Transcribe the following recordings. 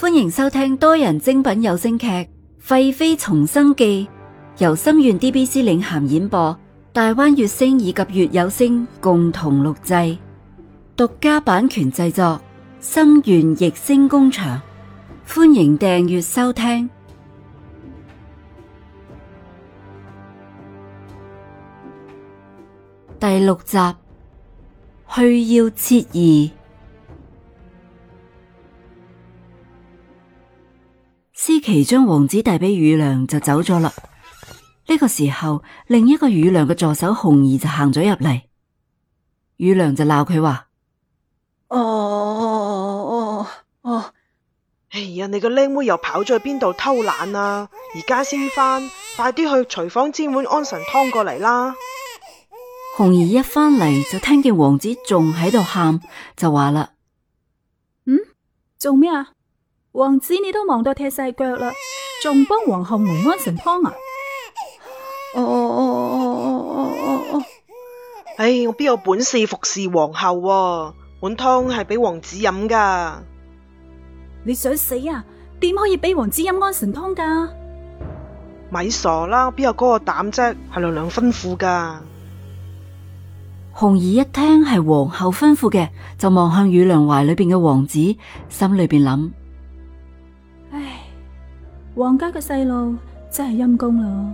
歡迎收聽多人精品有聲劇《廢妃重生記》，由心願 DBC 領銜演播，大灣月星以及月有聲共同錄製，獨家版權製作，心願逸聲工場。歡迎訂閱收聽第六集，去要澈兒。思琪將王子帶俾雨良就走咗啦。呢、這個時候，另一個雨良嘅助手紅兒就行咗入嚟，雨良就鬧佢話：，哦哦哦哦哦，哎呀，你個靚妹又跑咗去邊度偷懶啊？而家先返，快啲去廚房煎碗安神湯過嚟啦！紅兒一返嚟就聽見王子仲喺度喊，就話啦：，嗯，做咩啊？王子，你都忙到踢晒腳啦，仲幫皇后熬安神湯啊？哦哦哦哦哦哦哦！哦，哦，哎，我邊有本事服侍皇后啊？碗湯係俾王子飲噶，你想死啊？點可以俾王子飲安神湯噶？咪傻啦，邊有嗰個膽啫？係娘娘吩咐噶。紅兒一聽係皇后吩咐嘅，就望向雨良懷裏邊嘅王子，心裏邊諗。王家嘅細路真係陰功咯。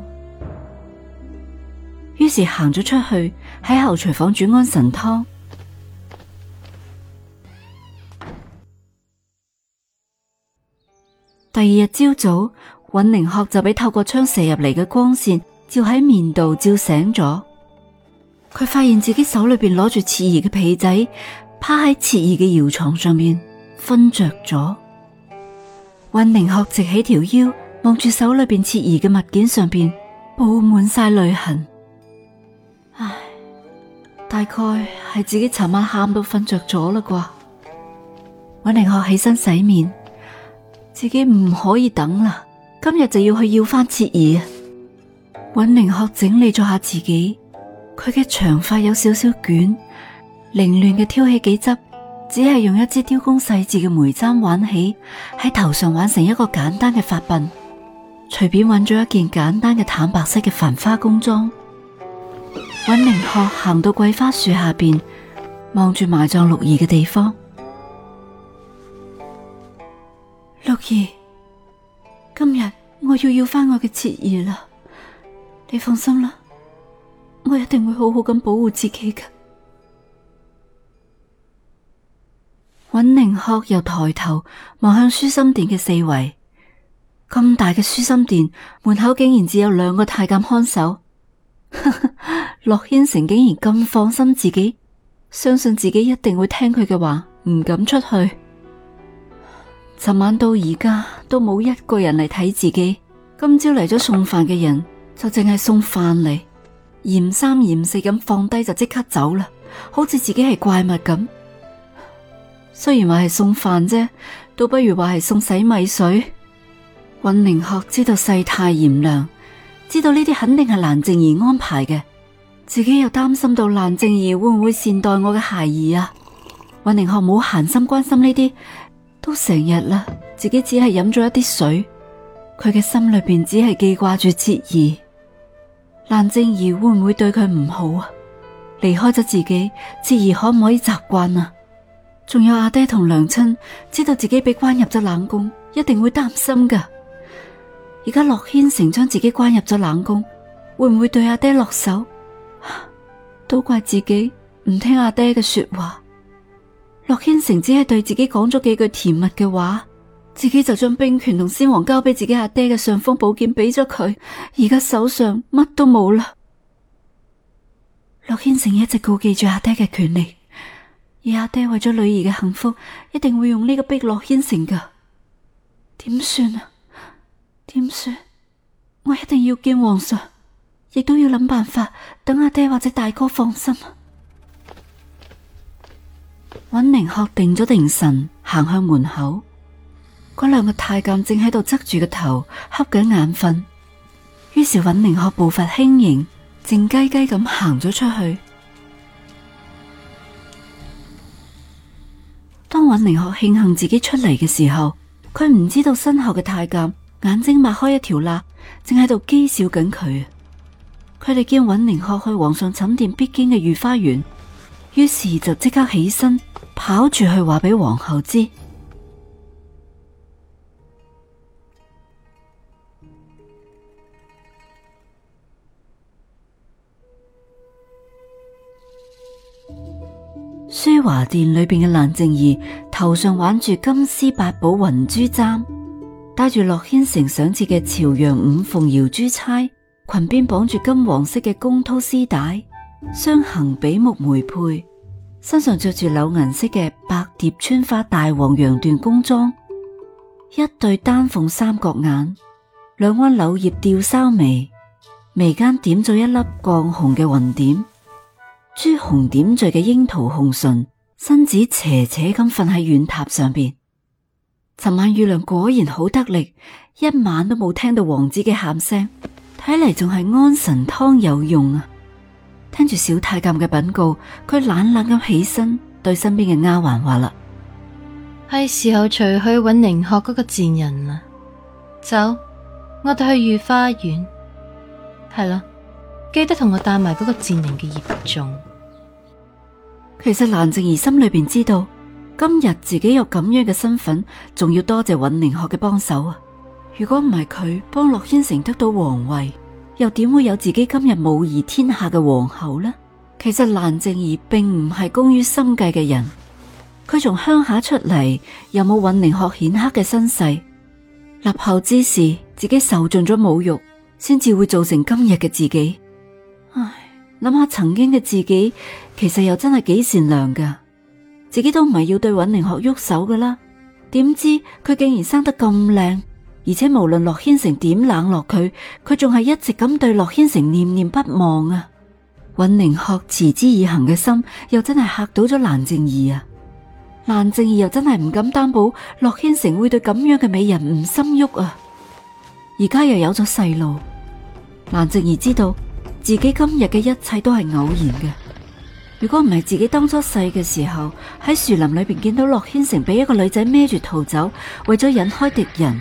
於是行咗出去，喺後廚房煮安神湯。第二日朝早，尹寧學就畀透過窗射入嚟嘅光線照喺面度，照醒咗。佢發現自己手裏邊攞住澈兒嘅被仔，趴喺澈兒嘅搖床上面，瞓着咗。尹寧學直起條腰，望住手裏邊澈兒嘅物件上邊，布滿晒淚痕。唉，大概係自己尋晚喊到瞓着咗啦啩。尹寧學起身洗面，自己唔可以等啦，今日就要去要返澈兒。尹寧學整理咗下自己，佢嘅長髮有少少捲，凌亂嘅挑起幾執。只係用一支雕工細緻嘅梅簪挽起，喺頭上挽成一個簡單嘅髮鬢，隨便揾咗一件簡單嘅淡白色嘅繁花工裝，揾寧鶴行到桂花樹下邊，望住埋葬六兒嘅地方。六兒，今日我要要翻我嘅澈兒啦，你放心啦，我一定會好好咁保護自己噶。尹寧鶴又抬頭望向舒心殿嘅四圍，咁大嘅舒心殿門口竟然只有兩個太監看守。 洛軒成竟然咁放心自己，相信自己一定會聽佢嘅話，唔敢出去。尋晚到而家都冇一個人嚟睇自己，今朝嚟咗送飯嘅人就淨係送飯嚟，嫌三嫌四咁放低就即刻走啦，好似自己係怪物咁。雖然話係送飯啫，倒不如話係送洗米水。尹寧鶴知道世態炎涼，知道呢啲肯定係蘭靜兒安排嘅，自己又擔心到蘭靜兒會唔會善待我嘅孩兒啊？尹寧鶴冇閒心關心呢啲，都成日啦，自己只係飲咗一啲水，佢嘅心裏邊只係記掛住澈兒。蘭靜兒會唔會對佢唔好啊？離開咗自己，澈兒可唔可以習慣啊？仲有阿爹同娘親知道自己被關入咗冷宮，一定會擔心噶。而家洛軒成將自己關入咗冷宮，會唔會對阿爹落手？都怪自己唔聽阿爹嘅說話。洛軒成只係對自己講咗幾句甜蜜嘅話，自己就將兵權同先王交俾自己阿爹嘅上方寶劍俾咗佢，而家手上乜都冇啦。洛軒成一直顧忌住阿爹嘅權利。而阿爹為咗女兒嘅幸福，一定會用呢個碧落牽成噶。點算啊？點算？我一定要見皇上，亦都要諗辦法，等阿爹或者大哥放心。尹寧鶴定咗定神，行向門口。嗰兩個太監正喺度側住個頭，瞌緊眼瞓。於是尹寧鶴步伐輕盈，靜雞雞咁行咗出去。尹寧鶴慶幸自己出嚟嘅時候，佢唔知道身後嘅太監眼睛擘開一條罅，正喺度譏笑緊佢。佢哋見尹寧鶴去皇上寢殿必經嘅御花園，於是就即刻起身跑住去話俾皇后知。華殿裏邊嘅蘭靜儀，頭上輓住金絲八寶雲珠簪，戴住樂軒成賞賜嘅朝陽五鳳搖珠釵，裙邊綁住金黃色嘅宮絛絲帶，雙行比目梅佩，身上着住柳銀色嘅白蝶穿花大黃羊緞宮裝，一對丹鳳三角眼，兩彎柳葉吊梢眉，眉間點咗一粒絳紅嘅雲點。朱紅點綴嘅櫻桃紅唇，身子斜斜咁瞓喺軟榻上邊。尋晚月亮果然好得力，一晚都冇聽到王子嘅喊聲，睇嚟仲係安神湯有用啊！聽住小太監嘅稟告，佢懶懶咁起身，對身邊嘅丫鬟話啦：係時候除去搵寧學嗰個賤人啦，走，我哋去御花園。係啦，記得同我帶埋嗰個賤人嘅葉種。其實蘭靜兒心裏邊知道，今日自己有咁樣嘅身份，仲要多謝尹寧學嘅幫手啊！如果唔係佢幫洛軒成得到皇位，又點會有自己今日母儀天下嘅皇后呢？其實蘭靜兒並唔係功於心計嘅人，佢從鄉下出嚟，又冇尹寧學顯赫嘅身世，立后之時自己受盡咗侮辱，先至會造成今日嘅自己。諗下曾經嘅自己，其實又真係幾善良噶，自己都唔係要對尹寧學喐手噶啦。點知佢竟然生得咁靚，而且無論洛軒成點冷落佢，佢仲係一直咁對洛軒成念念不忘啊！尹寧學持之以恒嘅心，又真係吓到咗蘭靜兒啊！蘭靜兒又真係唔敢擔保洛軒成會對咁樣嘅美人唔心喐啊！而家又有咗細路，蘭靜兒知道。自己今日嘅一切都係偶然嘅。如果唔係自己當初細嘅時候喺樹林裏邊見到樂軒成俾一個女仔孭住逃走，為咗引開敵人，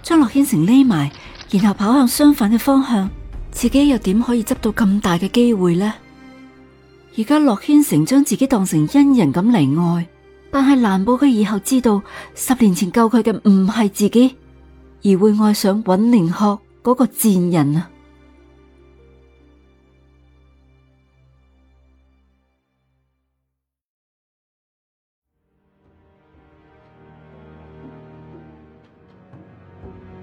將樂軒成匿埋，然後跑向相反嘅方向，自己又點可以執到咁大嘅機會呢？而家樂軒成將自己當成恩人咁嚟愛，但係難保佢以後知道十年前救佢嘅唔係自己，而會愛上尹寧鶴嗰個賤人啊！